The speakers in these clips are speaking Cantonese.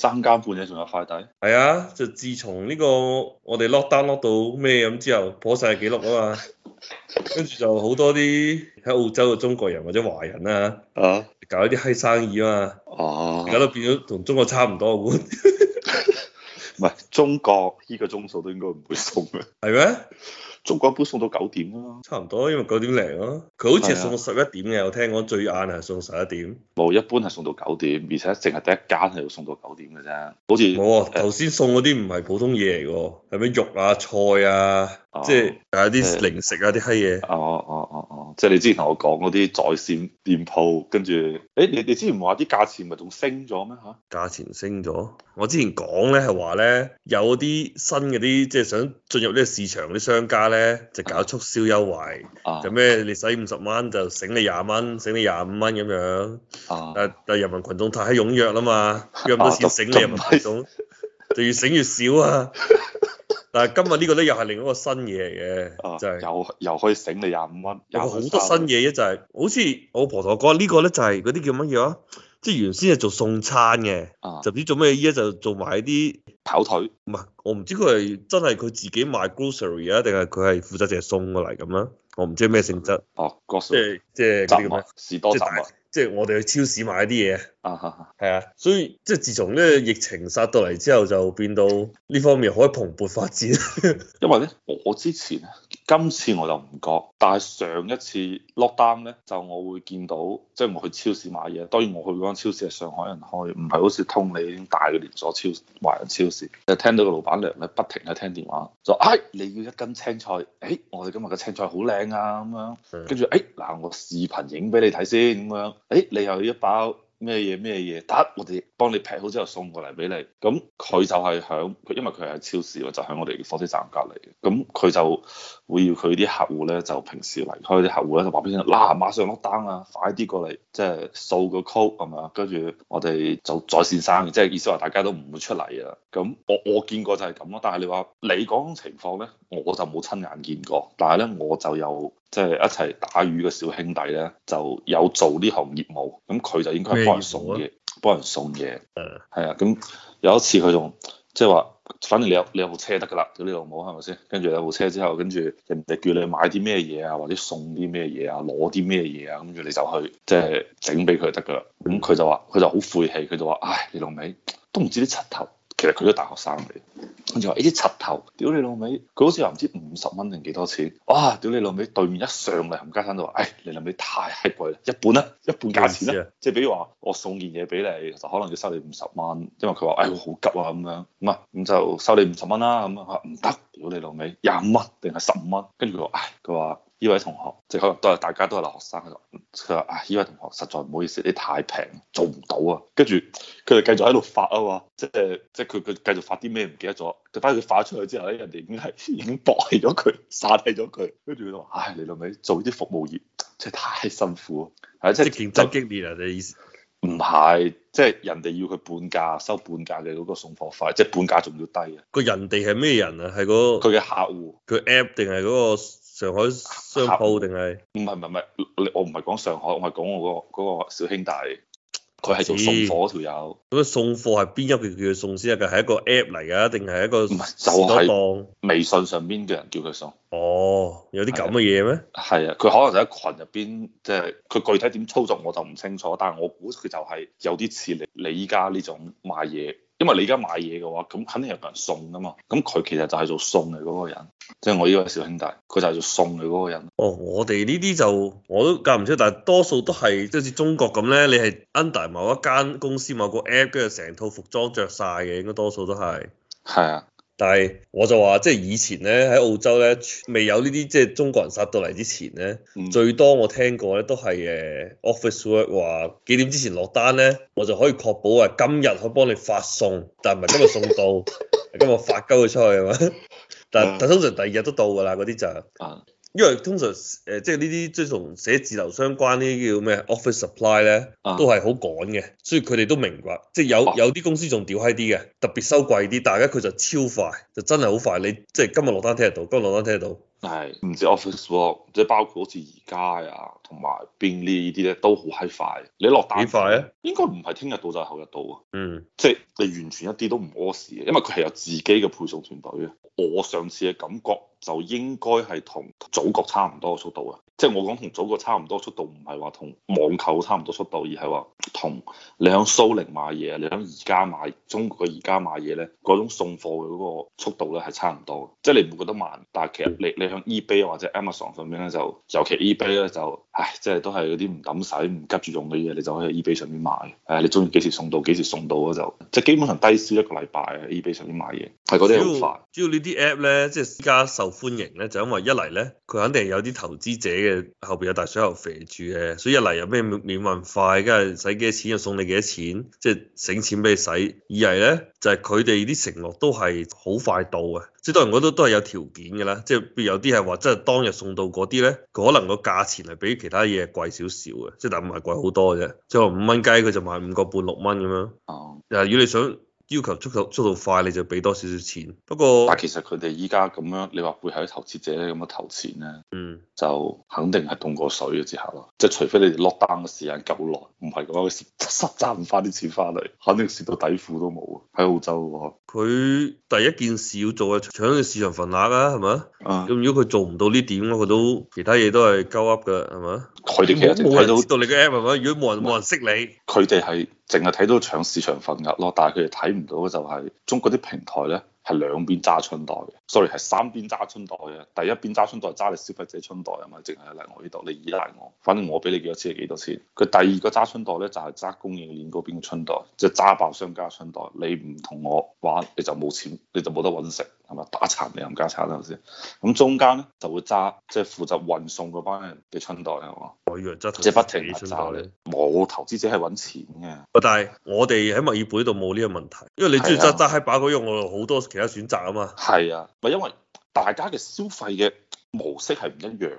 三更半夜仲有快遞，係啊！就自從呢個我哋 lockdown lock 到咩咁之後，破晒記錄啊嘛，跟 住就好多啲喺澳洲嘅中國人或者華人啊，啊搞一啲閪生意啊嘛，哦、啊，而家都變咗同中國差唔多咁，唔 係中國呢個鐘數都應該唔會送嘅，係咩？仲講一般送到九點啊，差唔多，因為九點零咯。佢好似係送到十一點嘅，的我聽講最晏係送到十一點。冇，一般係送到九點，而且淨係第一間係要送到九點嘅啫。好似冇啊！頭先、哦、送嗰啲唔係普通嘢嚟喎，係咩肉啊、菜啊，哦、即係誒啲零食啊、啲閪嘢。哦哦哦。哦。即係你之前同我講嗰啲在線店鋪，跟住，誒，你哋之前話啲價錢咪仲升咗咩嚇？價錢升咗？我之前講咧係話咧，有啲新嘅啲，即係想進入呢個市場啲商家咧，就搞促銷優惠，啊，就咩你使五十蚊就醒你廿蚊，醒你廿五蚊咁樣，啊，但但人民群眾太，太踴躍啦嘛，約唔多錢、啊、醒你人民羣眾不就越醒越少啊！ 但係今日呢個咧又係另一個新嘢嚟嘅，就係、是啊、又又可以醒你廿五蚊。有好多新嘢嘅就係、是，好似我婆同我講，呢、這個咧就係嗰啲叫乜嘢啊？即係原先係做送餐嘅、啊，就唔知做咩依家就做埋啲跑腿。唔係，我唔知佢係真係佢自己賣 grocery 啊，定係佢係負責淨係送過嚟咁啦？我唔知咩性質。哦、啊、即係即係雜物，即係即係我哋去超市買啲嘢。啊哈，係啊，啊，所以即係自從咧疫情殺到嚟之後，就變到呢方面可以蓬勃發展。因為咧，我之前，今次我就唔覺，但係上一次 lock down 咧，就我會見到，即係我去超市買嘢，當然我去嗰間超市係上海人開，唔係好似通你已啲大嘅連鎖超市、華人超市。就聽到個老闆娘咧，不停喺聽電話，就，哎，你要一斤青菜？誒、哎，我哋今日嘅青菜好靚啊，咁樣，跟住，誒、哎，嗱，我視頻影俾你睇先，咁樣，誒、哎，你又要一包？咩嘢咩嘢，得我哋幫你劈好之後送過嚟俾你，咁佢就係響佢，因為佢係喺超市啊，就喺我哋火車站隔離，咁佢就會要佢啲客戶呢，就平時嚟開啲客戶呢，就話俾佢聽，嗱、啊、馬上落單啊，快啲過嚟，即、就、係、是、掃個 code 咁樣，跟住我哋就在線生，即、就、係、是、意思話大家都唔會出嚟啊，咁我我見過就係咁咯，但係你話你嗰種情況呢，我就冇親眼見過，但係呢，我就有。即係一齊打魚嘅小兄弟咧，就有做呢行業務，咁佢就應該幫人送嘢，係咪？幫人送嘢，係啊，咁有一次佢仲即係話，反正你有你有部車得噶啦，你老母係咪先？跟住有部車之後，跟住人哋叫你買啲咩嘢啊，或者送啲咩嘢啊，攞啲咩嘢啊，跟住你就去即係整俾佢得噶啦。咁佢就話，佢就好晦氣，佢就話，唉，你老味都唔知啲柒頭。其實佢都大學生嚟，跟住話呢啲柒頭，屌你老味。」佢好似話唔知五十蚊定幾多錢，哇！屌你老味。對面一上嚟冚家鏟就話，唉、哎，你老味太貴啦，一半啦、啊啊，一半價錢啦、啊，啊、即係比如話我送件嘢俾你，其實可能要收你五十蚊，因為佢話唉，哎、好急啊咁樣，咁啊咁就收你五十蚊啦咁啊，唔得，屌你老味。」廿五蚊定係十五蚊，跟住佢話，唉，佢話。呢位同學，即係可能都係大家都係留學生，佢話：，啊，呢位同學實在唔好意思，你太平，做唔到啊！跟住佢哋繼續喺度發啊，即係即係佢佢繼續發啲咩唔記得咗。反正佢發出去之後咧，人哋已經係已經駁起咗佢，殺低咗佢。跟住佢話：，唉、哎，你老味做啲服務業真係太辛苦，啊。」係即係競爭激烈啊！你意思？唔係，即係人哋要佢半價收半價嘅嗰個送貨費，即係半價仲要低啊！人人那個人哋係咩人啊？係嗰佢嘅客戶，佢 app 定係嗰個？上海商鋪定係唔係唔係唔係，你我唔係講上海，我係講我嗰個嗰個小兄弟，佢係做送貨嗰條友。咁送貨係邊一佢叫佢送先啊？嘅係一個 app 嚟噶，定係一個就係、唔係、微信上邊嘅人叫佢送。哦，有啲咁嘅嘢咩？係啊，佢可能就喺群入邊，即係佢具體點操作我就唔清楚，但係我估佢就係有啲似你你依家呢種賣嘢。因為你而家買嘢嘅話，咁肯定有個人送㗎嘛。咁佢其實就係做送嚟嗰個人，即係我呢位小兄弟，佢就係做送嚟嗰個人。哦，我哋呢啲就我都介唔出，但係多數都係即係好似中國咁咧，你係 under 某一間公司某個 app 跟住成套服裝着晒嘅，應該多數都係。係啊。但係我就話，即係以前咧，喺澳洲咧，未有呢啲即係中國人殺到嚟之前咧，最多我聽過咧都係誒 Office Work 話幾點之前落單咧，我就可以確保係今日可以幫你發送，但唔係今日送到， 係今日發鳩佢出去係嘛？但但通常第二日都到㗎啦，嗰啲就啊。因為通常誒，即係呢啲即係同寫字樓相關呢啲叫咩？office supply 咧，uh, 都係好趕嘅，所以佢哋都明白，即、就、係、是、有哇有啲公司仲屌嗨啲嘅，特別收貴啲，但係咧佢就超快，就真係好快，你即係、就是、今日落單聽日到，今日落單聽日到，係唔止 office work、啊、即係包括好似而家啊。同埋便利呢啲咧都好閪快，你落單快啊？Hifi? 應該唔係聽日到就係後日到啊，嗯，mm. 即係你完全一啲都唔屙屎嘅，因為佢係有自己嘅配送團隊嘅。我上次嘅感覺就應該係同祖國差唔多速度啊，即係我講同祖國差唔多速度，唔係話同網購差唔多速度，而係話同你喺蘇寧買嘢，你喺宜家買，中國嘅宜家買嘢咧，嗰種送貨嘅嗰個速度咧係差唔多，即係你唔會覺得慢，但係其實你你喺 eBay 或者 Amazon 上面咧，就尤其 eBay 咧就。唉，即係都係嗰啲唔敢使、唔急住用嘅嘢，你就喺 eBay 上面買。唉，你中意幾時送到幾時送到就即係基本上低消一個禮拜喺 eBay 上面買嘢，係嗰啲好快。主要呢啲 app 咧，即係而家受歡迎咧，就是、因為一嚟咧，佢肯定有啲投資者嘅後邊有大水喉肥住嘅，所以一嚟有咩免運費，跟住使幾多錢就送你幾多錢，即係省錢俾你使。二嚟咧，就係佢哋啲承諾都係好快到嘅。即係我覺得都係有條件㗎啦，即係譬如有啲係話即係當日送到嗰啲咧，可能個價錢係比其他嘢貴少少嘅，即係但唔係貴好多啫，即係五蚊雞佢就賣五個半六蚊咁樣。哦，嗱，如果你想。要求速度快，你就俾多少少錢。不過，但係其實佢哋依家咁樣，你話背後啲投資者咧，咁樣投錢呢，嗯，就肯定係凍過水嘅之下咯。即除非你落單嘅時間夠耐，唔係嘅話，實賺唔返啲錢返嚟，肯定蝕到底褲都冇。喺澳洲嘅話，佢第一件事要做嘅搶啲市場份額啦，係咪啊？咁、啊、如果佢做唔到呢點，佢都其他嘢都係鳩噏嘅，係咪啊？佢哋其實睇到，到你嘅 app 如果冇人冇人識你，佢哋係淨係睇到搶市場份額咯。但係佢哋睇唔到嘅就係中國啲平台咧，係兩邊揸春袋嘅，sorry 係三邊揸春袋嘅。第一邊揸春袋揸你消費者春袋啊嘛，淨係嚟我呢度，你依賴我，反正我俾你幾多錢，幾多錢。佢第二個揸春袋咧，就係揸供應鏈嗰邊嘅春袋，就揸爆商家春袋。你唔同我玩，你就冇錢，你就冇得揾食。係咪打殘你冚家鏟啊？先咁中間咧就會揸即係負責運送嗰班人嘅春袋係嘛，即係不停壓榨你。冇投資者係揾錢嘅。啊！但係我哋喺墨爾本度冇呢個問題，因為你中意揸揸喺把嗰樣，我哋好多其他選擇啊嘛。係啊，唔係因為大家嘅消費嘅模式係唔一樣。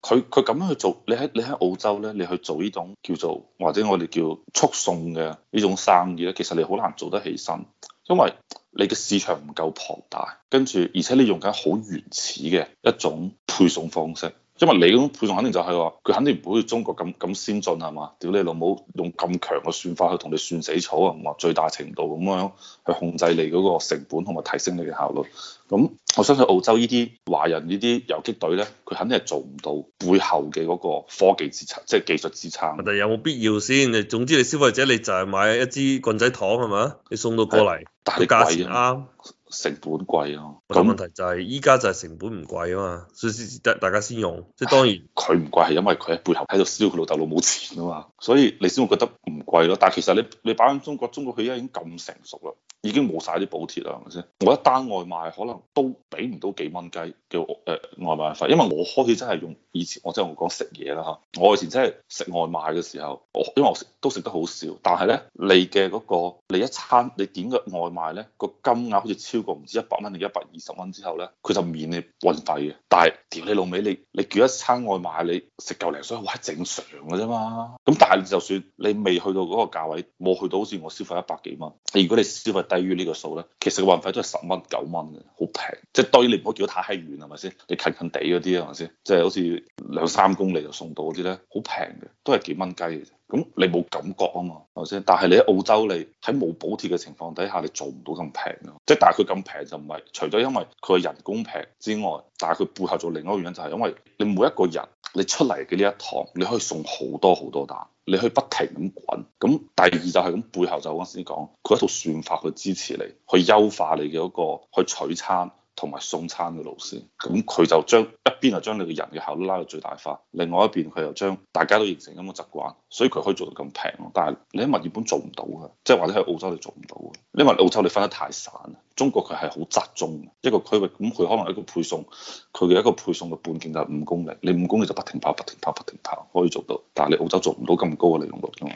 佢佢咁樣去做，你喺你喺澳洲咧，你去做呢種叫做或者我哋叫速送嘅呢種生意咧，其實你好難做得起身。因為你嘅市場唔夠龐大，跟住而且你用緊好原始嘅一種配送方式。因為你嗰種配送肯定就係話，佢肯定唔會中國咁咁先進係嘛？屌你老母用咁強嘅算法去同你算死草啊！最大程度咁樣去控制你嗰個成本同埋提升你嘅效率。咁我相信澳洲呢啲華人呢啲遊擊隊咧，佢肯定係做唔到背後嘅嗰個科技支撐，即係技術支撐。但係有冇必要先？總之你消費者你就係買一支棍仔糖係嘛？你送到過嚟，大家。啊！成本貴啊，噉問題就係依家就係成本唔貴啊嘛，所以先得，大家先用，即係當然佢唔貴係因為佢喺背後喺度燒佢老豆老母錢啊嘛，所以你先會覺得唔貴咯。但係其實你你擺喺中國，中國佢家已經咁成熟啦，已經冇晒啲補貼啦，係咪先？我一單外賣可能都俾唔到幾蚊雞嘅誒外賣費，因為我開始真係用以前我用，我真係我講食嘢啦嚇，我以前真係食外賣嘅時候，我因為我食都食得好少，但係咧你嘅嗰個你一餐你點嘅外賣咧，個金額好似超。超過唔知一百蚊定一百二十蚊之後咧，佢就免你運費嘅。但係屌你老味，你你，你叫一餐外賣，你食夠零水，哇正常嘅啫嘛。咁但係就算你未去到嗰個價位，冇去到好似我消費一百幾蚊，如果你消費低於呢個數咧，其實個運費都係十蚊九蚊嘅，好平。即係當然你唔好叫得太閪遠，係咪先？你近近地嗰啲係咪先？即係好似兩三公里就送到嗰啲咧，好平嘅，都係幾蚊雞嘅。咁你冇感覺啊嘛，係咪先？但係你喺澳洲，你喺冇補貼嘅情況底下，你做唔到咁平咯。即係但係佢咁平就唔係除咗因為佢嘅人工平之外，但係佢背後做另一個原因就係因為你每一個人你出嚟嘅呢一趟，你可以送好多好多單，你可以不停咁滾。咁第二就係咁背後就我啱先講，佢一套算法去支持你，去優化你嘅一個去取餐，同埋送餐嘅路線，咁佢就將一邊就將你嘅人嘅效率拉到最大化，另外一邊佢又將大家都形成咁嘅習慣，所以佢可以做到咁平。但係你喺墨爾本做唔到嘅，即係或者喺澳洲你做唔到嘅。因為澳洲你分得太散啦，中國佢係好集中一個區域，咁佢可能一個配送，佢嘅一個配送嘅半徑就係五公里，你五公里就不停跑、不停跑、不停跑，不停跑，可以做到。但係你澳洲做唔到咁高嘅利用率咯。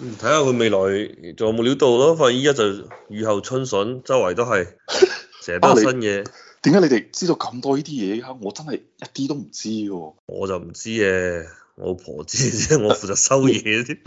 嗯，睇下佢未來仲有冇料到咯？反正依家就雨後春筍，周圍都係。成新嘢，點解、啊、你哋知道咁多呢啲嘢嘅？我真係一啲都唔知喎。啊、我就唔知嘅，我婆知先，我負責收嘢先。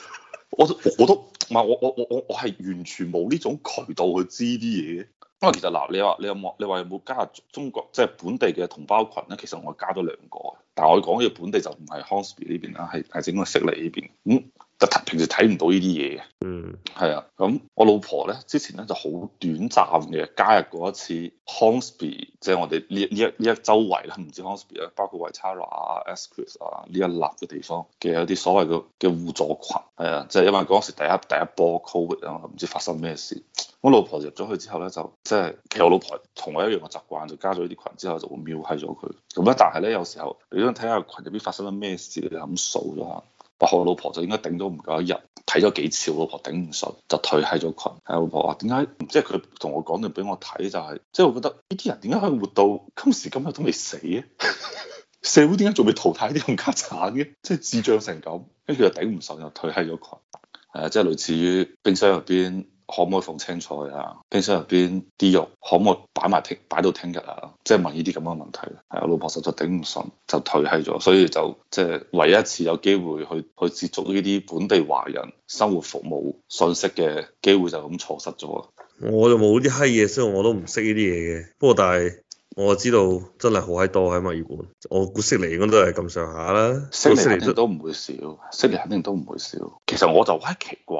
我我都唔係，我我我我我係完全冇呢種渠道去知啲嘢。啊，其實嗱，你話你有冇，你話有冇加入中國即係、就是、本地嘅同胞群咧？其實我加咗兩個，但係我講嘅本地就唔係康斯比呢邊啦，係係整個悉尼呢邊咁。嗯平時睇唔到呢啲嘢嘅，嗯、mm.，係啊，咁我老婆咧之前咧就好短暫嘅加入過一次 Hornsby，即係我哋呢呢一呢一,一周圍啦，唔知 Hornsby 啊，包括 Waitara 啊、Asquith 啊呢一列嘅地方嘅一啲所謂嘅嘅互助群，係啊，即係因為嗰時第一第一波 Covid 啊，唔知發生咩事，我老婆入咗去之後咧就即係其實我老婆同我一樣嘅習慣，就加咗呢啲群之後就會瞄閪咗佢，咁咧但係咧有時候你想睇下群入邊發生咗咩事，你咁掃咗下。我老婆就應該頂咗唔夠一日，睇咗幾次，我老婆頂唔順就退喺咗群。係老婆話點解？即係佢同我講，就俾我睇就係，即係我覺得呢啲人點解可以活到今時今日都未死啊？ 社會點解仲未淘汰啲咁家產嘅？即係智障成咁，跟住佢就頂唔順又退喺咗群，係啊，即係類似於冰箱入邊。可唔可以放青菜啊？冰箱入邊啲肉可唔可以擺埋聽，擺到聽日啊？即係問呢啲咁嘅問題，係啊，我老婆實在就頂唔順，就退氣咗，所以就即係唯一一次有機會去去接觸呢啲本地華人生活服務信息嘅機會就咁錯失咗。我就冇啲閪嘢，所以我都唔識呢啲嘢嘅，不過但係我知道真係好閪多喺墨爾本，如果我估悉尼應該都係咁上下啦，悉尼其實都唔會少，悉尼肯定都唔會少。其實我就閪奇怪。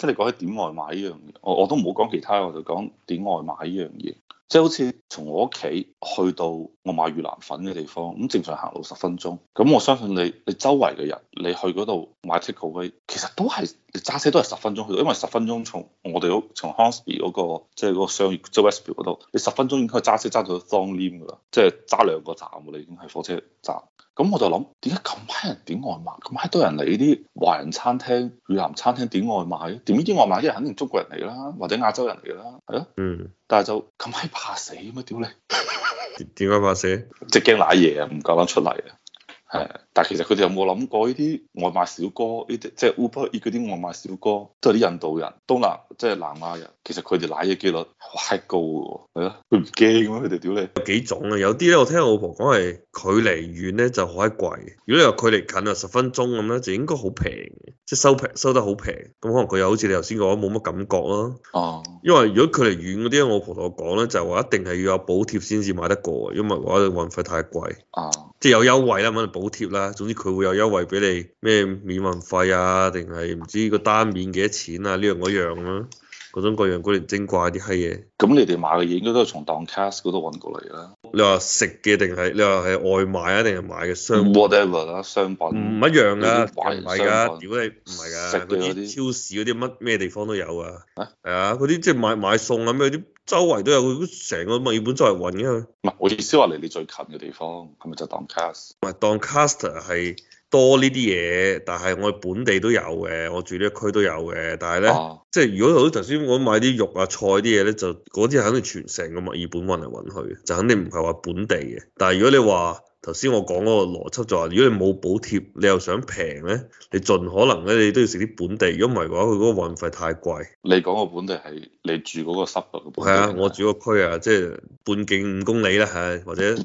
即係你講起點外賣呢樣嘢，我我都唔好講其他，我就講點外賣呢樣嘢。即係好似從我屋企去到我買越南粉嘅地方，咁正常行路十分鐘。咁我相信你，你周圍嘅人，你去嗰度買 takeaway，其實都係你揸車都係十分鐘去到，因為十分鐘從我哋屋從 Hornsby 嗰個即係嗰個商業 Westfield 嗰度，你十分鐘已經可以揸車揸到到 Thornleigh 噶啦，即係揸兩個站㗎啦，你已經係火車站。咁我就諗，點解咁閪人點外賣，咁閪多人嚟呢啲華人餐廳、越南餐廳點外賣？點呢啲外賣啲人肯定中國人嚟嘅啦，或者亞洲人嚟嘅啦，係咯。嗯。但係就咁閪怕死啊嘛，屌你！點解怕死？即係驚瀨嘢啊，唔夠膽出嚟啊。係。但係其實佢哋有冇諗過呢啲外賣小哥，呢啲即係 Uber Eats 嗰啲外賣小哥，都係啲印度人、東南即係、就是、南亞人。其實佢哋奶嘅幾率好閪高喎，係咯？佢唔驚嘅佢哋屌你。有幾種啊？有啲咧，我聽我老婆講，係距離遠咧就好閪貴，如果你話距離近啊十分鐘咁咧，就應該好平即係收平收得好平。咁可能佢又好似你頭先講冇乜感覺咯。哦。啊、因為如果距離遠嗰啲，我老婆同我講咧，就話一定係要有補貼先至買得過，因為話運費太貴。哦、啊。即係有優惠啦，咁啊補貼啦，總之佢會有優惠俾你，咩免運費啊？定係唔知個單面幾多錢啊？呢樣嗰樣咯、啊。各種各樣古靈精怪啲係嘢，咁你哋買嘅嘢，應該都係從 downcast 嗰度運過嚟啦。你話食嘅定係，你話係外賣啊，定係買嘅商品 whatever 啦，商品唔一樣噶，唔係噶，商品如果你唔係噶，嗰啲超市嗰啲乜咩地方都有噶。係啊，嗰啲即係買買餸啊咩啲，周圍都有，成個墨爾本周圍運嘅。唔係我意思話離你，你最近嘅地方，係咪就 downcast？唔係 Doncaster 係。多呢啲嘢，但係我哋本地都有嘅，我住呢個區都有嘅。但係咧，啊、即係如果好頭先，我買啲肉啊、菜啲嘢咧，就嗰啲肯定全城噶嘛，墨爾本運嚟運去，就肯定唔係話本地嘅。但係如果你話頭先我講嗰個邏輯就，就話如果你冇補貼，你又想平咧，你盡可能咧，你都要食啲本地。如果唔係嘅話，佢嗰個運費太貴。你講個本地係你住嗰個 suburb 嘅本地？係啊，我住個區啊，即係半徑五公里啦，係或者。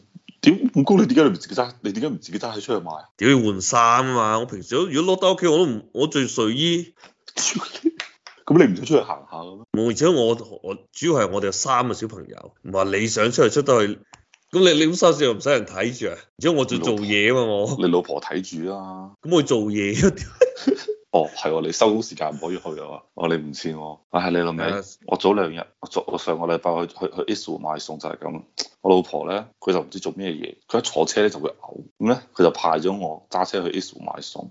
點唔公？你點解唔自己揸？你點解唔自己揸去出去買啊？屌要換衫啊嘛！我平時如果攞得屋企，我都唔我着睡衣。咁 你唔想出去行下嘅咩？冇，而且我我主要係我哋有三個小朋友。唔係你想出去出得去？咁你你咁收市又唔使人睇住啊？而且我仲做嘢啊嘛我。你老婆睇住我啊？咁我做嘢、啊。 哦，係喎，你收工時間唔可以去啊，哦，你唔似喎，啊、哎、係你諗咩，Yes. 我早兩日，我我上個禮拜去去去 e s u 買餸就係咁，我老婆咧佢就唔知做咩嘢，佢一坐車咧就會嘔，咁咧佢就派咗我揸車去 e s u 買餸。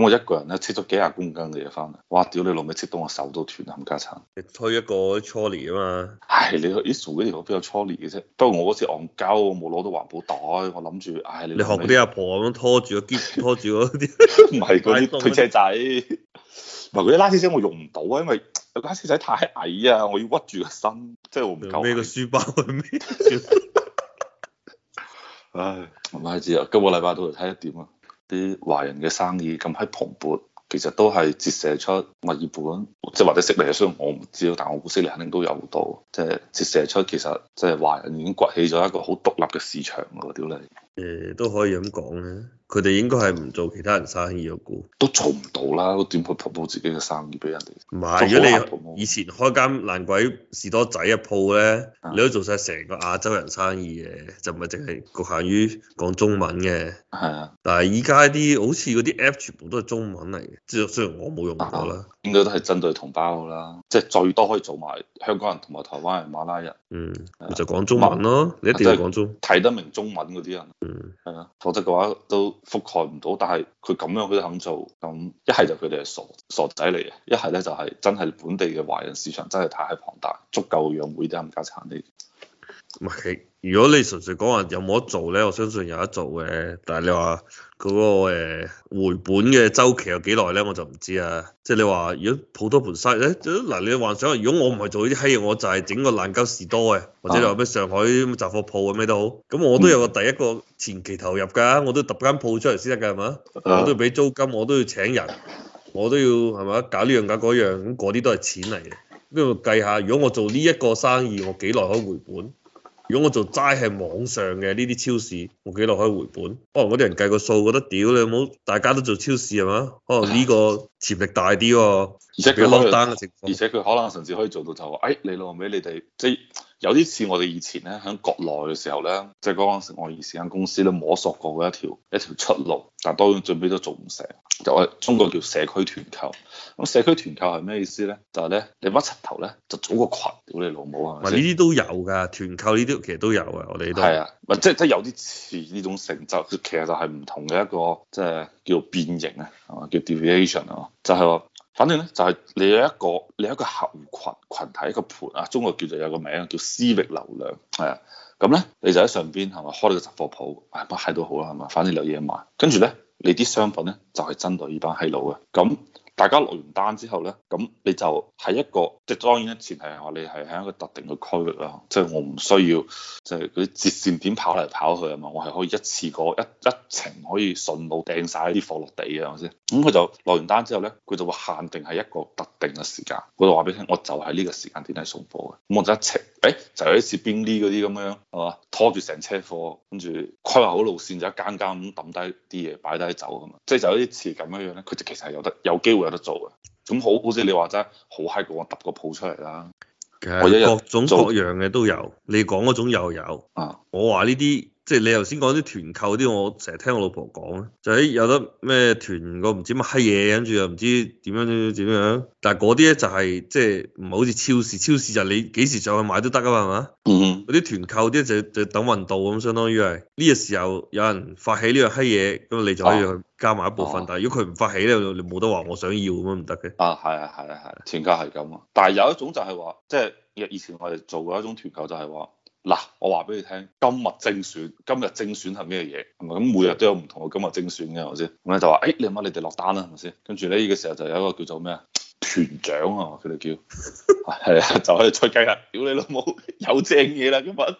我一個人咧，切咗幾廿公斤嘅嘢翻嚟，哇！屌你老味，切到我手都斷，冚家鏟！你推一個拖鏈啊嘛，唉，你 issue 嗰條路邊有拖鏈嘅啫，不過我嗰次戇鳩我冇攞到環保袋，我諗住，唉，你學嗰啲阿婆咁樣拖住個肩，拖住嗰啲，唔係嗰啲推車仔，唔係嗰啲拉車仔，我用唔到啊，因為拉車仔太矮啊，我要屈住個身，即係我唔夠。孭個書包去孭，唉，唔知啊，今個禮拜到嚟睇一點啊。啲華人嘅生意咁喺蓬勃，其實都係折射出墨爾本，即係或者悉尼雖然，我唔知道，但我估悉尼肯定都有到，即係折射出其實即係華人已經崛起咗一個好獨立嘅市場喎，點咧？誒、呃、都可以咁講咧，佢哋應該係唔做其他人生意嘅估都做唔到啦，點去服務自己嘅生意俾人哋？如果、啊、你以前開間爛鬼士多仔一鋪咧，你都做晒成個亞洲人生意嘅，就唔係淨係局限於講中文嘅。係是啊但，但係依家啲好似嗰啲 app 全部都係中文嚟嘅，即係雖然我冇用過啦、啊，應該都係針對同胞嘅啦，即、就、係、是、最多可以做埋香港人同埋台灣人、馬拉人，嗯，是啊、就講中文咯，是你一定要講中文睇得明中文嗰啲人。嗯，係啊、mm，否則嘅話都覆蓋唔到。但係佢咁樣佢都肯做，咁一係就佢哋係傻傻仔嚟嘅，一係咧就係真係本地嘅華人市場真係太係龐大，足夠養每啲咁嘅產力。唔如果你純粹講話有冇得做咧，我相信有得做嘅。但係你話嗰、嗰個、欸、回本嘅周期有幾耐咧，我就唔知啊。即係你話，如果好多盤失誒嗱，你幻想如果我唔係做呢啲閪嘢，我就係整個爛鳩士多嘅，或者你話咩上海雜貨鋪咁咩都好。咁我都有個第一個前期投入㗎，我都揼間鋪出嚟先得㗎，係嘛？我都要俾租金，我都要請人，我都要係嘛搞呢樣搞嗰樣，咁嗰啲都係錢嚟嘅。咁啊計下，如果我做呢一個生意，我幾耐可以回本？如果我做齋係網上嘅呢啲超市，我幾耐可以回本？可能嗰啲人計個數，覺得屌你冇，大家都做超市係嘛？可能呢個潛力大啲喎，而且比較落單嘅情況。而且佢可能甚至可，可以做到就話，哎，你老味你哋即。有啲似我哋以前咧喺國內嘅時候咧，即係嗰陣時我以前間公司咧摸索過嘅一條一條出路，但係當然最尾都做唔成。就我、是、中國叫社區團購，咁社區團購係咩意思咧？就係、是、咧你乜柒頭咧就組個群，屌你老母啊，呢啲都有㗎，團購呢啲其實都有嘅，我哋都係啊，即係即係有啲似呢種成就，其實就係唔同嘅一個即係、就是、叫做變形啊，係嘛？叫 deviation 啊，就係我。反正咧就係你有一個你有一個客戶羣羣體一個盤啊，中國叫做有個名叫私域流量，係啊，咁咧你就喺上邊係咪開你個雜貨鋪，乜閪都好啦係嘛，反正有嘢賣。跟住咧你啲商品咧就係針對呢班閪佬嘅。咁大家落完單之後咧，咁你就喺一個即係當然前提係話你係喺一個特定嘅區域啊，即係我唔需要即係嗰啲節線點跑嚟跑去啊嘛，我係可以一次過一一程可以順路掟晒啲貨落地啊先？咁佢、嗯、就落完單之後咧，佢就會限定係一個特定嘅時間，我就話俾你聽，我就喺呢個時間點嚟送貨嘅。咁我就一程，誒就有啲似邊啲嗰啲咁樣，係嘛？拖住成車貨，跟住規劃好路線，就一間間咁抌低啲嘢，擺低走咁啊，即係就有啲似咁樣樣咧。佢就其實係有得有機會有得做嘅。咁好好似你話齋，好閪過，我揼個鋪出嚟啦。其實各種各樣嘅都有，做你講嗰種又有啊。我話呢啲。即係你頭先講啲團購嗰啲，我成日聽我老婆講咧，就係有得咩團個唔知乜閪嘢，跟住又唔知點樣點樣。但係嗰啲咧就係即係唔係好似超市？超市就你幾時上去買都得噶嘛，係嘛？嗰啲團購啲就就等運到咁，相當於係呢、呢個時候有人發起呢樣閪嘢，咁你就可以去加埋一部分。啊啊、但係如果佢唔發起咧，你冇得話我想要咁樣唔得嘅。啊，係啊，係啊，係、啊啊。團購係咁啊，但係有一種就係話，即、就、係、係、以前我哋做過一種團購就係話。嗱，我話俾你聽，今日精選，今日精選係咩嘢？咁每日都有唔同嘅今日精選嘅，係咪先？咁咧就話，誒、哎、你乜你哋落單啦，係咪先？跟住咧，呢個時候就有一個叫做咩啊？團長啊，佢哋叫係啊、哎， 就喺度再計啦，屌你老母有正嘢啦，今日啊，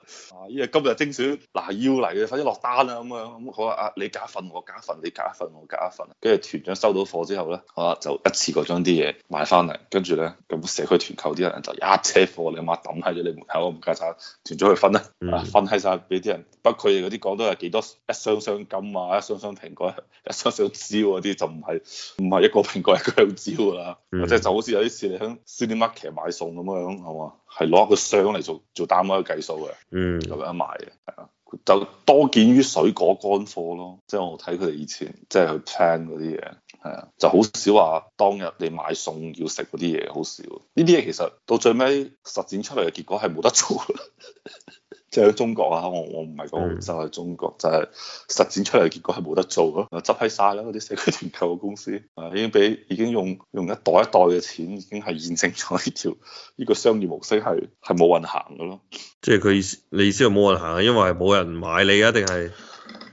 因為今日精選嗱要嚟嘅快啲落單啊，咁啊，咁好啊，你夾一份我夾一份，你夾一份我夾一份，跟住團長收到貨之後咧，好啦，就一次過將啲嘢買翻嚟，跟住咧咁社區團購啲人就一車貨，你阿媽抌喺咗你門口，唔介晒。團長去分啦、mm. 啊，分係晒，俾啲人，不過佢哋嗰啲講都係幾多一箱箱金啊，一箱箱蘋果，一箱箱蕉嗰啲就唔係唔係一個蘋果一,一,一個香蕉噶啦。 即係 就，就好似有啲似你喺 supermarket 買餸咁樣，係嘛？係攞一個箱嚟做做單位去計數嘅，嗯，咁樣賣嘅，係啊。就多見於水果乾貨咯。即係我睇佢哋以前即係去 plan 嗰啲嘢，係啊，就好少話當日你買餸要食嗰啲嘢，好少。呢啲嘢其實到最尾實踐出嚟嘅結果係冇得做。 即係喺中國啊！我我唔係講澳洲係中國，就係實踐出嚟嘅結果係冇得做咯，執喺晒啦。嗰啲社區團購嘅公司，啊已經俾已經用用一代一代嘅錢，已經係驗證咗呢條呢個商業模式係係冇運行嘅咯。嗯、即係佢意思，你意思係冇運行啊？因為冇人買你啊？定係？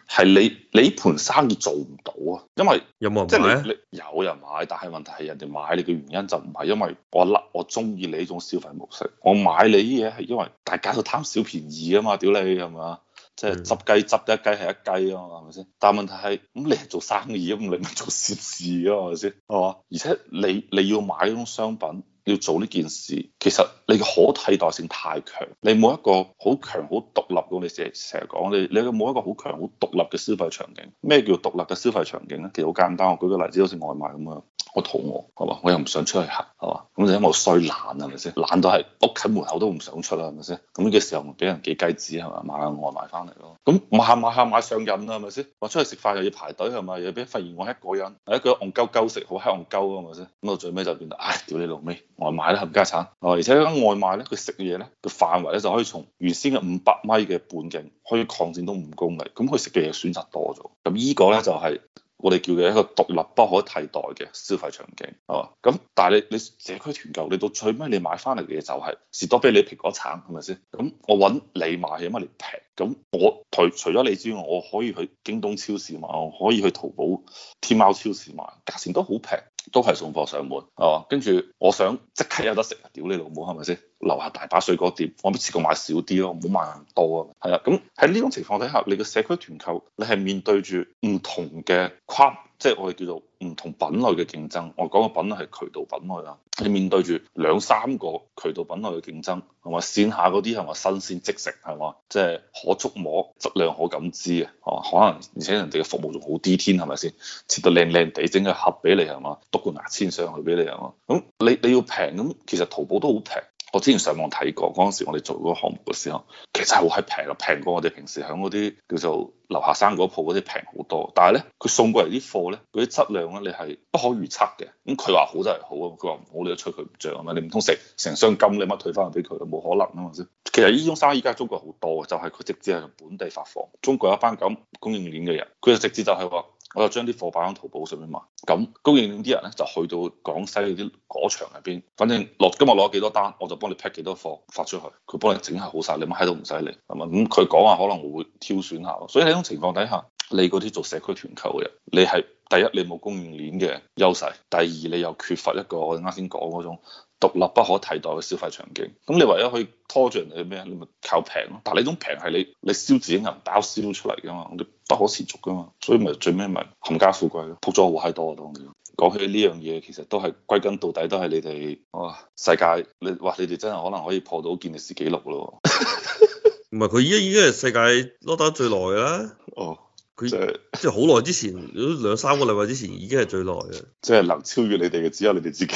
係你你盤生意做唔到啊，因為有冇、啊、即係你，你有人買，但係問題係人哋買你嘅原因就唔係因為我啦，我中意你呢種消費模式，我買你啲嘢係因為大家都貪小便宜啊嘛，屌你係咪即係、嗯、執雞執雞一雞係一雞咯，係咪先？但問題係咁你係做生意啊，唔理咩做蝕事啊，係咪先？係嘛？而且你你要買呢種商品。要做呢件事，其實你可替代性太強，你冇一個好強好獨立嘅，你成成日講你你冇一個好強好獨立嘅消費場景。咩叫獨立嘅消費場景咧？其實好簡單，我舉個例子，好似外賣咁樣。我肚餓係嘛，我又唔想出去行係嘛，咁就因為衰懶係咪先？懶到係屋企門口都唔想出啦係咪先？咁嘅時候俾人幾雞子係嘛，買下外賣翻嚟咯。咁買下買下買上癮啦係咪先？我出去食飯又要排隊係咪？又俾發現我一個人係一個戇鳩鳩食，好黑戇鳩啊係咪先？咁到最尾就變到唉，屌你老味。外賣咧，冚家鏟，哦，而且嗰間外賣咧，佢食嘅嘢咧，個範圍咧就可以從原先嘅五百米嘅半徑，可以擴展到五公里，咁佢食嘅嘢選擇多咗，咁呢個咧就係、是、我哋叫嘅一個獨立不可替代嘅消費場景，啊，咁但係你你社區團購，你到最尾你買翻嚟嘅嘢就係士多啤梨、蘋果橙，係咪先？咁我揾你買起乜嚟平？咁我除除咗你之外，我可以去京東超市買，我可以去淘寶、天貓超市買，價錢都好平。都係送貨上門，係嘛？跟住我想即刻有得食，屌你老母係咪先？樓下大把水果店，我咪試過買少啲咯，唔好買多啊。係啊，咁喺呢種情況底下，你嘅社區團購，你係面對住唔同嘅框，即係我哋叫做。唔同品類嘅競爭，我講嘅品類係渠道品類啊，你面對住兩三個渠道品類嘅競爭，係嘛，線下嗰啲係咪？新鮮即食係嘛，即係可觸摸、質量可感知嘅，係啊嘛，可能而且人哋嘅服務仲好啲添，係咪先，切得靚靚地整個盒俾你係嘛，篤個牙籤上去俾你啊，咁你你要平咁，其實淘寶都好平。我之前上網睇過，嗰陣時我哋做嗰個項目嘅時候，其實好係平啊，平過我哋平時喺嗰啲叫做樓下生果鋪嗰啲平好多。但係咧，佢送過嚟啲貨咧，嗰啲質量咧，你係不可預測嘅。咁佢話好就係好啊，佢話唔好你就吹佢唔漲啊嘛，你唔通食成箱金你乜退翻去俾佢啊？冇可能啊嘛先。其實呢種生意而家中國好多嘅，就係、是、佢直接係本地發貨。中國有一班咁供應鏈嘅人，佢就直接就係話。我就將啲貨擺喺淘寶上面賣，咁供應鏈啲人咧就去到廣西嗰啲果場入邊，反正落今日攞幾多單，我就幫你 pack 幾多貨發出去，佢幫你整下好晒。你乜喺度唔使理，係嘛？咁佢講話可能會挑選下，所以喺種情況底下，你嗰啲做社區團購嘅人，你係第一你冇供應鏈嘅優勢，第二你又缺乏一個我啱先講嗰種。獨立不可替代嘅消費場景，咁你唯一可以拖住人哋咩？你咪靠平咯。但係你種平係你你燒自己銀包燒出嚟噶嘛，啲不可持續噶嘛，所以咪最尾咪冚家富貴咯，仆咗好閪多啊！當講起呢樣嘢，其實都係歸根到底都係你哋哇、啊、世界，你哇、啊、你哋真係可能可以破到健力士紀錄咯。唔係佢依家已經係世界攞得最耐啊。哦，佢就即係好耐之前，兩三個禮拜之前已經係最耐嘅。即係能超越你哋嘅，只有你哋自己。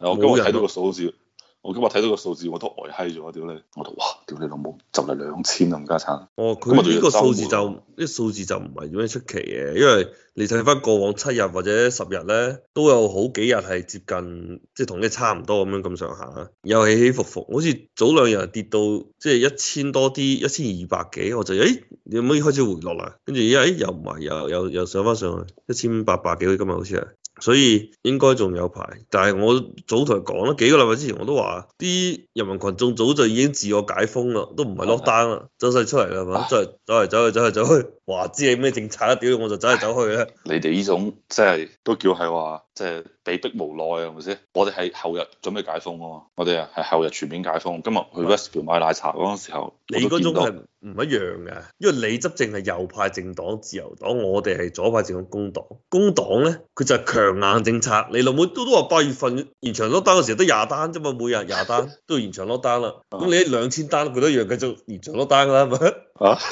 我今日睇到個數字，我今日睇到個數字，我都呆閪咗屌你，我話哇，屌你老母，就嚟兩千啦，冚家鏟。哦，佢呢個數字就啲數字就唔係點樣出奇嘅，因為你睇翻過往七日或者十日咧，都有好幾日係接近，即係同嘅差唔多咁樣咁上下，又起起伏伏，好似早兩日跌到即係一千多啲，一千二百幾，我就誒有冇開始回落啦？跟住依家又唔係，又又又，又，又，又，又，又，又上翻上去一千八百幾，今日好似係。所以應該仲有排，但係我早同你講啦，幾個禮拜之前我都話，啲人民群眾早就已經自我解封啦，都唔係 lockdown 啦，走曬出嚟啦，係嘛，走嚟走嚟走去走嚟走去。走話知你咩政策咧，屌我就走嚟走去咧。你哋呢種即係、就是、都叫係話，即係被逼無奈啊，係咪先？我哋係後日準備解封啊嘛，我哋啊係後日全面解封。今日去 Westfield 買奶茶嗰個時候，的你嗰種係唔一樣嘅，因為你執政係右派政黨自由黨，我哋係左派政黨工黨。工黨咧，佢就係強硬政策。你老母都都話八月份延長落單嗰時都廿單啫嘛，每日廿單都延長落單啦。咁 你一兩千單，佢都一樣繼續延長落單噶啦，係咪？啊？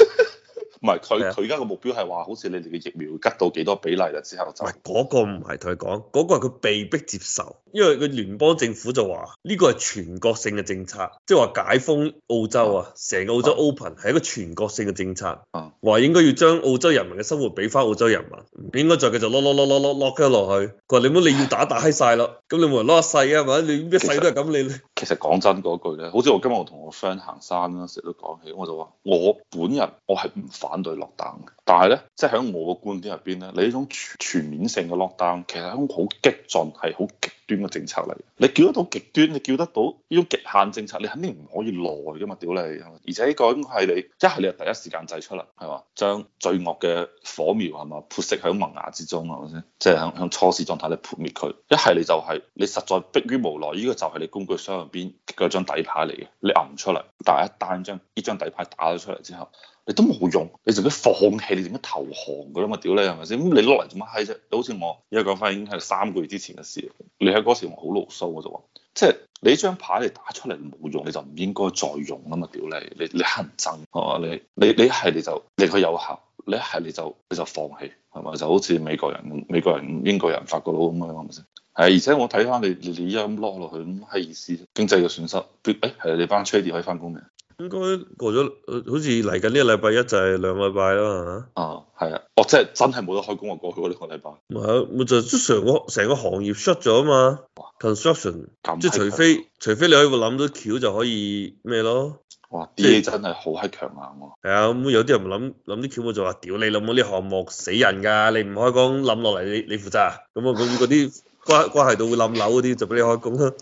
唔係，佢佢而家個目標係話，好似你哋嘅疫苗會吉到幾多比例啦，之後就唔係嗰個，唔係同佢講，嗰、嗰個係佢被逼接受。因為佢聯邦政府就話呢個係全國性嘅政策，即係話解封澳洲啊，成個澳洲 open 係一個全國性嘅政策。話應該要將澳洲人民嘅生活俾翻澳洲人民，唔應該再繼續落落落落落落 c k 佢落去。佢話你冇你要打打晒咯，咁你冇人 l 一世 k 細啊，或者你咩細都係咁你。其實講真嗰句咧，好似我今日我同我 friend 行山啦，成日都講起，我就話我本人我係唔反對落 o 嘅，但係咧即係喺我嘅觀點入邊咧，你呢種全面性嘅落 o 其實係一種好激進，係好端嘅政策嚟，你叫得到極端，你叫得到呢種極限政策，你肯定唔可以耐噶嘛，屌你！而且呢個應該係你一係你係第一時間製出嚟，係嘛？將罪惡嘅火苗係嘛潑熄喺萌芽之中係咪先？即係喺喺初始狀態你潑滅佢。一係你就係、是、你實在逼於無奈，呢、這個就係你工具箱入邊嗰張底牌嚟嘅，你揞唔出嚟，但係一旦將呢張底牌打咗出嚟之後。你都冇用，你做咩放棄？你做咩投降嘅咧？嘛，屌你係咪先？咁你攞嚟做乜閪啫？好似我而家講翻已經係三個月之前嘅事。你喺嗰時我好嬲蘇，我就話：即係你張牌你打出嚟冇用，你就唔應該再用啊嘛！屌你，你你乞人憎，係嘛？你你你一係你就你佢有效，你一係你就你就放棄，係嘛？就好似美國人、美國人、英國人、法國佬咁樣，係咪先？係而且我睇翻你，你依家咁攞落去咁係意思經濟嘅損失。誒、哎、係你班 trader 可以翻工未？應該過咗，好似嚟緊呢個禮拜一就係兩禮拜啦嘛。啊，係啊。哦，即係真係冇得開工啊！過去嗰兩個禮拜。唔係，咪就成個成個行業 shut 咗啊嘛。Construction，哇、嗯、即係除非除非，除非你可以諗到橋就可以咩咯。哇，嘢啲真係好閪強硬喎。係啊，咁有啲人諗諗啲橋咪就話，屌你諗嗰啲項目死人㗎，你唔開工冧落嚟，你你負責啊。咁啊，咁嗰啲關關係到會冧樓嗰啲，就俾你開工啦。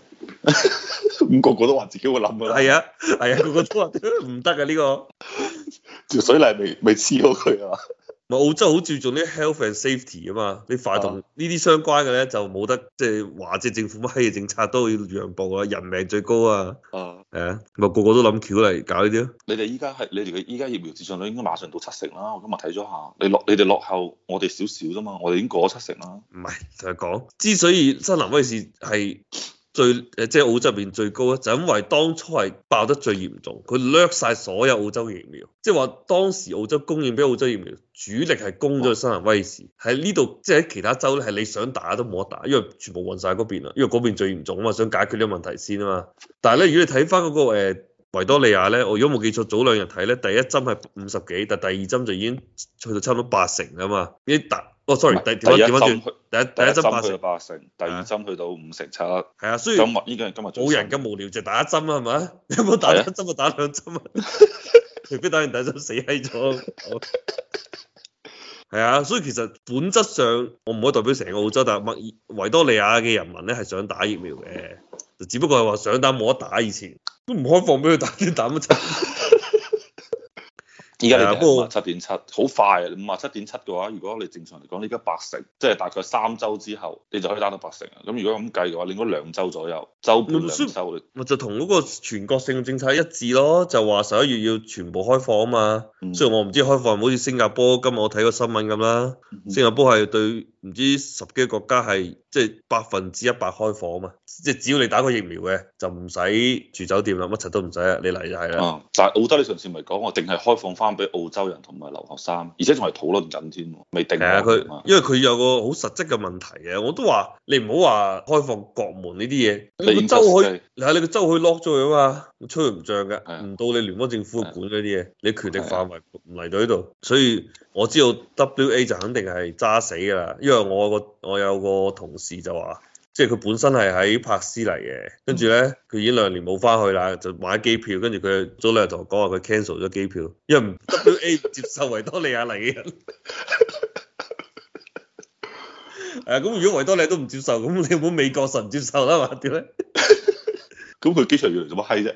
咁個個都話自己會諗噶啦，係啊，係啊，個個都話唔得嘅呢個條水泥未未黐好佢啊！咪澳洲好注重啲 health and safety 啊嘛，啲快同呢啲相關嘅咧就冇得即係話，即、就是、政府乜嘢政策都要讓步啊，人命最高啊！啊,啊，係啊，咪個個都諗橋嚟搞呢啲咯。你哋依家係你哋嘅依家疫苗接種率應該馬上到七成啦，我今日睇咗下，你落你哋落後我哋少少啫嘛，我哋已,已經過咗七成啦。唔係，就係講之所以新南威士係。最誒即係澳洲入面最高咧，就因為當初係爆得最嚴重，佢掠晒所有澳洲疫苗，即係話當時澳洲供應俾澳洲疫苗主力係供咗去新南威爾士，喺呢度即係喺其他州咧，係你想打都冇得打，因為全部運晒嗰邊啦，因為嗰邊最嚴重啊嘛，想解決呢個問題先啊嘛。但係咧，如果你睇翻嗰個誒維多利亞咧，我如果冇記錯，早兩日睇咧，第一針係五十幾，但第二針就已經去到差唔多八成啊嘛，一突。哦，sorry，第調翻第一第一針八成，第二針去到五成七。係啊，雖然依件今日冇人咁無聊，就打一針，有冇打針啊，係咪？有冇打一針啊？打兩針啊？除非 打完第一針死喺咗。係 啊，所以其實本質上，我唔可以代表成個澳洲，但係墨爾維多利亞嘅人民咧係想打疫苗嘅，就只不過係話想打冇得打，以前都唔開放俾佢打啲打乜針。 而家你五啊七點七，好快啊！五啊七點七嘅話，如果你正常嚟講，依家八成，即係大概三週之後，你就可以打到八成啊！咁如果咁計嘅話，你應該兩週左右，週半兩週。咪就同嗰個全國性政策一致咯，就話十一月要全部開放啊嘛。嗯、雖然我唔知開放唔好似新加坡，今日我睇個新聞咁啦，新加坡係對。唔知十幾個國家係即係百分之一百開放啊嘛，即係只要你打過疫苗嘅就唔使住酒店啦，乜柒都唔使啊，你嚟就係啦、嗯。但係澳洲你上次咪講話，定係開放翻俾澳洲人同埋留學生，而且仲係討論緊添，未定。係啊，佢因為佢有個好實質嘅問題嘅，我都話你唔好話開放國門呢啲嘢，你個州去，你係你個州去以 lock 咗佢啊嘛，吹唔漲嘅，唔、啊、到你聯邦政府管嗰啲嘢，你權力範圍唔嚟到呢度，啊啊、所以我知道 WA 就肯定係揸死㗎啦，因為我個我有個同事就話，即係佢本身係喺柏斯嚟嘅，跟住咧佢已經兩年冇翻去啦，就買機票，跟住佢早兩日同我講話佢 cancel 咗機票，因為 W A 接受維多利亞嚟嘅人，咁、 啊、如果維多利亞都唔接受，咁你冇美國神接受啦嘛？點咧？咁佢機場原來做乜閪啫？